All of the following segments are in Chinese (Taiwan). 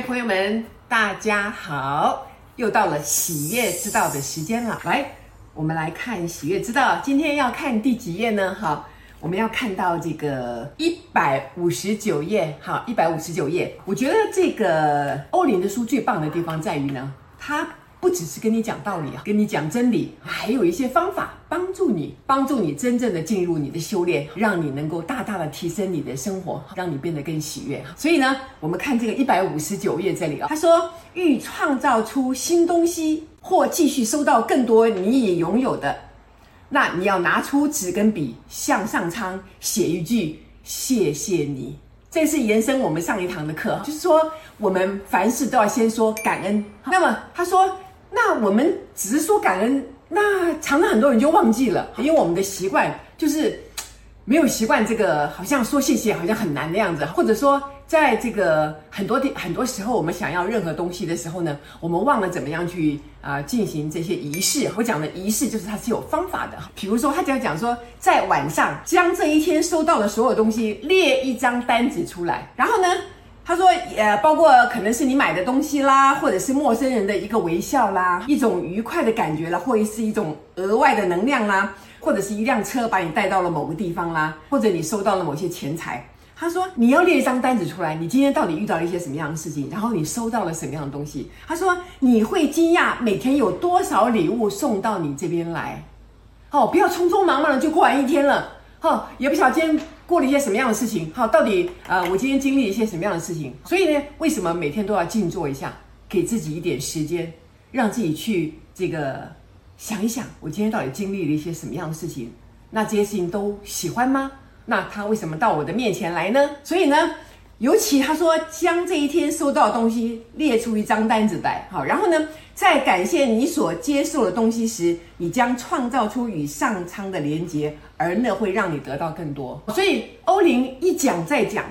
朋友們，大家好！又到了喜悅之道的時間了。來，我們來看喜悅之道。今天要看第幾頁呢？好，我們要看到這個一百五十九頁。好，一百五十九頁。我覺得這個歐林的書最棒的地方在於呢，他，不只是跟你講道理，啊，跟你講真理，還有一些方法幫助你，幫助你真正的進入你的修煉，讓你能夠大大的提升你的生活，讓你變得更喜悅。所以呢，我們看這個一百五十九頁這裡啊，他說，欲創造出新東西或繼續收到更多你已擁有的，那你要拿出紙跟筆，向上蒼寫一句謝謝你。這是延伸我們上一堂的課，就是說我們凡事都要先說感恩。那麼他說。那我們只是說感恩，那常常很多人就忘記了，因為我們的習慣就是沒有習慣這個，好像說謝謝好像很難的樣子，或者說在這個很多地很多時候，我們想要任何東西的時候呢，我們忘了怎麼樣去啊、呃、進行這些儀式。我講的儀式就是它是有方法的，比如說他就要講說，在晚上將這一天收到的所有東西列一張單子出來，然後呢。他說，呃，包括可能是你買的東西啦，或者是陌生人的一個微笑啦，一種愉快的感覺啦，或者是一種額外的能量啦，或者是一輛車把你帶到了某個地方啦，或者你收到了某些錢財。他說，你要列一張單子出來，你今天到底遇到了一些什麼樣的事情，然後你收到了什麼樣的東西。他說，你會驚訝每天有多少禮物送到你這邊來。哦，不要匆匆忙忙的就過完一天了。好、哦，也不曉得今天過了一些什麼樣的事情。好、哦，到底啊、呃，我今天經歷了一些什麼樣的事情？所以呢，為什麼每天都要靜坐一下，給自己一點時間，讓自己去這個想一想，我今天到底經歷了一些什麼樣的事情？那這些事情都喜歡嗎？那他為什麼到我的面前來呢？所以呢？尤其他說，將這一天收到的東西列出一張單子來，好，然後呢，在感謝你所接受的東西時，你將創造出與上蒼的連接，而那會讓你得到更多。所以歐林一講再講，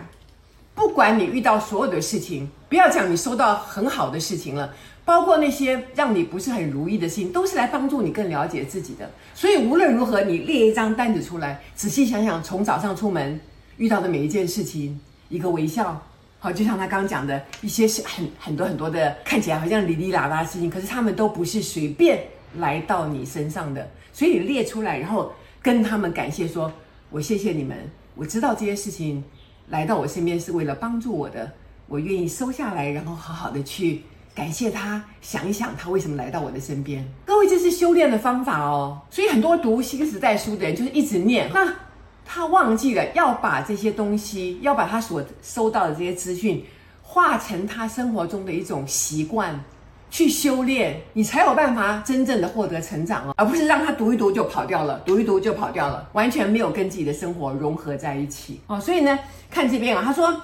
不管你遇到所有的事情，不要講你收到很好的事情了，包括那些讓你不是很如意的事情，都是來幫助你更了解自己的。所以無論如何，你列一張單子出來，仔細想想，從早上出門遇到的每一件事情。一個微笑，好，就像他剛剛講的一些是很很多很多的，看起來好像哩哩啦啦的事情，可是他們都不是隨便來到你身上的，所以你列出來，然後跟他們感謝說，說我謝謝你們，我知道這些事情來到我身邊是為了幫助我的，我願意收下來，然後好好的去感謝他，想一想他為什麼來到我的身邊。各位，這是修煉的方法哦，所以很多讀新時代書的人就是一直念哈他忘記了要把這些東西，要把他所收到的這些資訊，化成他生活中的一種習慣，去修煉，你才有辦法真正的獲得成長哦，而不是讓他讀一讀就跑掉了，讀一讀就跑掉了，完全沒有跟自己的生活融合在一起哦。所以呢，看這邊啊，他說，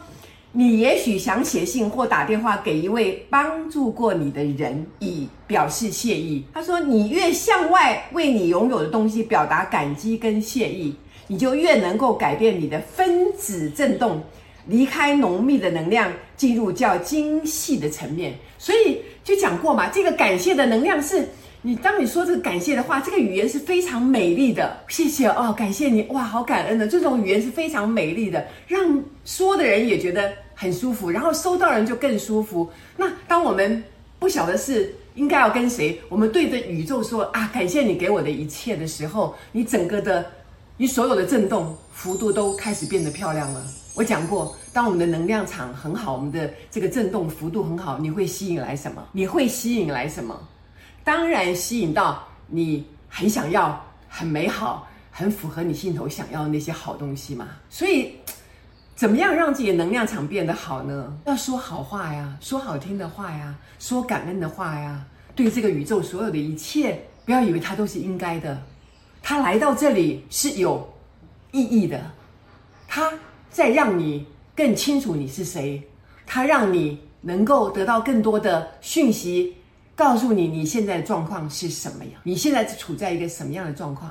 你也許想寫信或打電話給一位幫助過你的人，以表示謝意。他說，你越向外為你擁有的東西表達感激跟謝意，你就越能夠改變你的分子振動，離開濃密的能量，進入較精細的層面。所以就講過嘛，這個感謝的能量是你當你說這個感謝的話，這個語言是非常美麗的。謝謝哦，感謝你哇，好感恩的這種語言是非常美麗的，讓說的人也覺得很舒服，然後收到人就更舒服。那當我們不曉得是應該要跟誰，我們對着宇宙說啊，感謝你給我的一切的時候，你整個的。你所有的振動幅度都開始變得漂亮了。我講過，當我們的能量場很好，我們的這個振動幅度很好，你會吸引來什麼？你會吸引來什麼？當然，吸引到你很想要、很美好、很符合你心頭想要的那些好東西嘛。所以，怎麼樣讓自己的能量場變得好呢？要說好話呀，說好聽的話呀，說感恩的話呀，對這個宇宙所有的一切，不要以為它都是應該的。他來到這裡是有意義的，他在讓你更清楚你是誰，他讓你能夠得到更多的訊息，告訴你你現在的狀況是什麼樣，你現在處在一個什麼樣的狀況，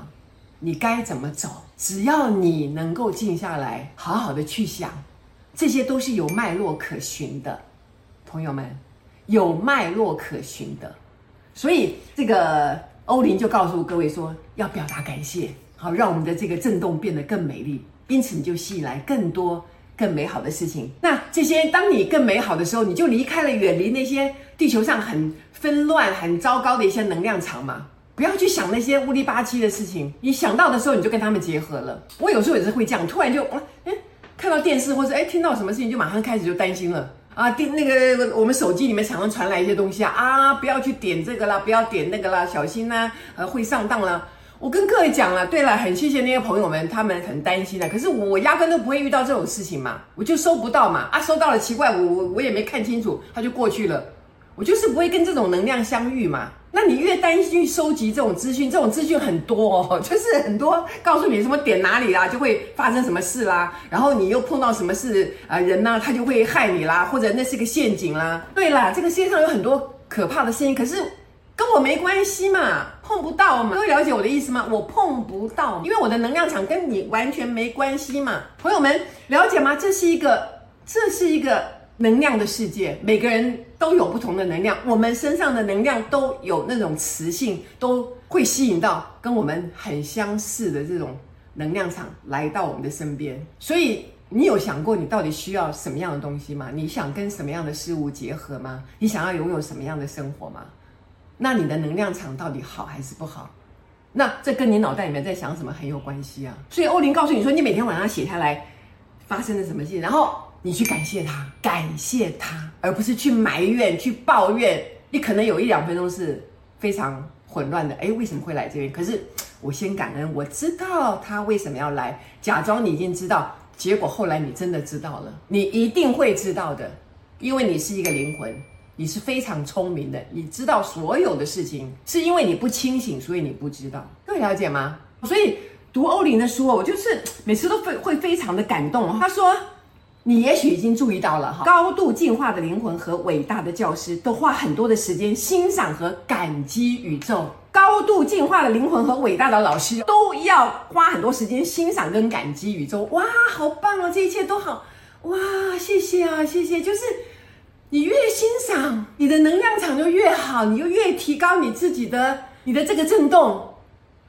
你該怎麼走？只要你能夠靜下來，好好的去想，這些都是有脈絡可循的。朋友們，有脈絡可循的，所以這個。歐林就告訴各位說，要表達感謝，好讓我們的這個震動變得更美麗，因此你就吸引來更多更美好的事情。那這些，當你更美好的時候，你就離開了，遠離那些地球上很紛亂、很糟糕的一些能量場嘛。不要去想那些烏里吧唧的事情，你想到的時候，你就跟他們結合了。我有時候也是會這樣，突然就哎、嗯、看到電視或者哎聽到什麼事情，就馬上開始就擔心了。啊，第那個我們手機裡面常常傳來一些東西啊，啊，不要去點這個啦，不要點那個啦，小心啦、啊，呃、啊，會上當啦。我跟各位講了，對了，很謝謝那些朋友們，他們很擔心的。可是我我壓根都不會遇到這種事情嘛，我就收不到嘛，啊，收到了奇怪，我我我也沒看清楚，他就過去了，我就是不會跟這種能量相遇嘛。那你越擔心收集這種資訊，這種資訊很多哦，就是很多告訴你什麼點哪裡啦，就會發生什麼事啦，然後你又碰到什麼事、呃、人啊人呢，他就會害你啦，或者那是個陷阱啦。對啦，這個世界上有很多可怕的事情，可是跟我沒關係嘛，碰不到嘛，各位了解我的意思嗎？我碰不到，因為我的能量場跟你完全沒關係嘛，朋友們，了解嗎？這是一個，這是一個能量的世界，每個人。都有不同的能量，我們身上的能量都有那種磁性，都會吸引到跟我們很相似的這種能量場來到我們的身邊。所以你有想過你到底需要什麼樣的東西嗎？你想跟什麼樣的事物結合嗎？你想要擁有什麼樣的生活嗎？那你的能量場到底好還是不好？那這跟你腦袋裡面在想什麼很有關係啊。所以歐林告訴你說，你每天晚上寫下來發生了什麼事，然後。你去感謝他，感謝他，而不是去埋怨、去抱怨。你可能有一兩分鐘是非常混亂的，哎，為什麼會來這邊？可是我先感恩，我知道他為什麼要來，假裝你已經知道，結果後來你真的知道了，你一定會知道的，因為你是一個靈魂，你是非常聰明的，你知道所有的事情，是因為你不清醒，所以你不知道，各位了解嗎？所以讀歐林的書，我就是每次都會會非常的感動。他說。你也許已經注意到了哈，高度進化的靈魂和偉大的教師都花很多的時間欣賞和感激宇宙。高度進化的靈魂和偉大的老師都要花很多時間欣賞跟感激宇宙。哇，好棒哦、啊！這一切都好哇，謝謝啊，謝謝。就是你越欣賞，你的能量場就越好，你就越提高你自己的你的這個振動，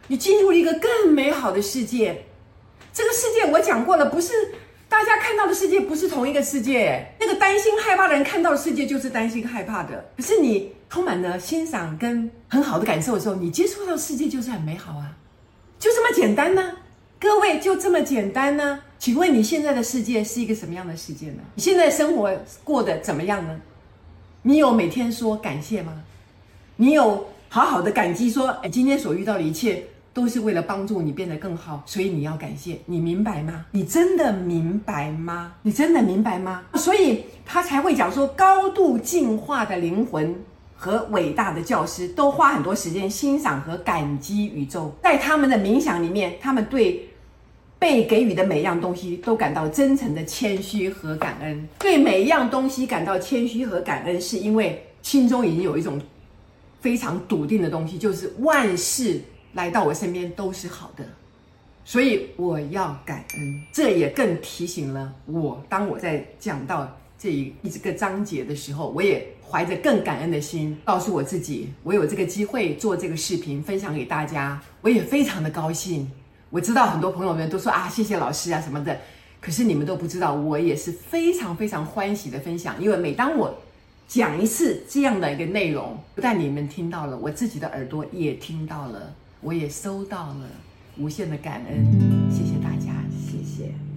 你進入了一個更美好的世界。這個世界我講過了，不是。大家看到的世界不是同一個，世界，那個擔心害怕的人看到的世界就是擔心害怕的。可是你充滿了欣賞跟很好的感受的時候，你接觸到世界就是很美好啊，就這麼簡單呢？各位，就這麼簡單呢？請問你現在的世界是一個什麼樣的世界呢？你現在生活過得怎麼樣呢？你有每天說感謝嗎？你有好好的感激說，哎，今天所遇到的一切？都是為了幫助你變得更好，所以你要感謝，你明白嗎？你真的明白嗎？你真的明白嗎？所以他才會講說，高度進化的靈魂和偉大的教師都花很多時間欣賞和感激宇宙，在他們的冥想裡面，他們對被給予的每樣東西都感到真誠的謙虛和感恩，對每一樣東西感到謙虛和感恩，是因為心中已經有一種非常篤定的東西，就是萬事。來到我身邊都是好的，所以我要感恩。這也更提醒了我，當我在講到這一這個章節的時候，我也懷着更感恩的心，告訴我自己，我有這個機會做這個視頻分享給大家，我也非常的高興。我知道很多朋友們都說啊，謝謝老師啊什麼的，可是你們都不知道，我也是非常非常歡喜的分享，因為每當我講一次這樣的一個內容，不但你們聽到了，我自己的耳朵也聽到了。我也收到了無限的感恩，謝謝大家，謝謝。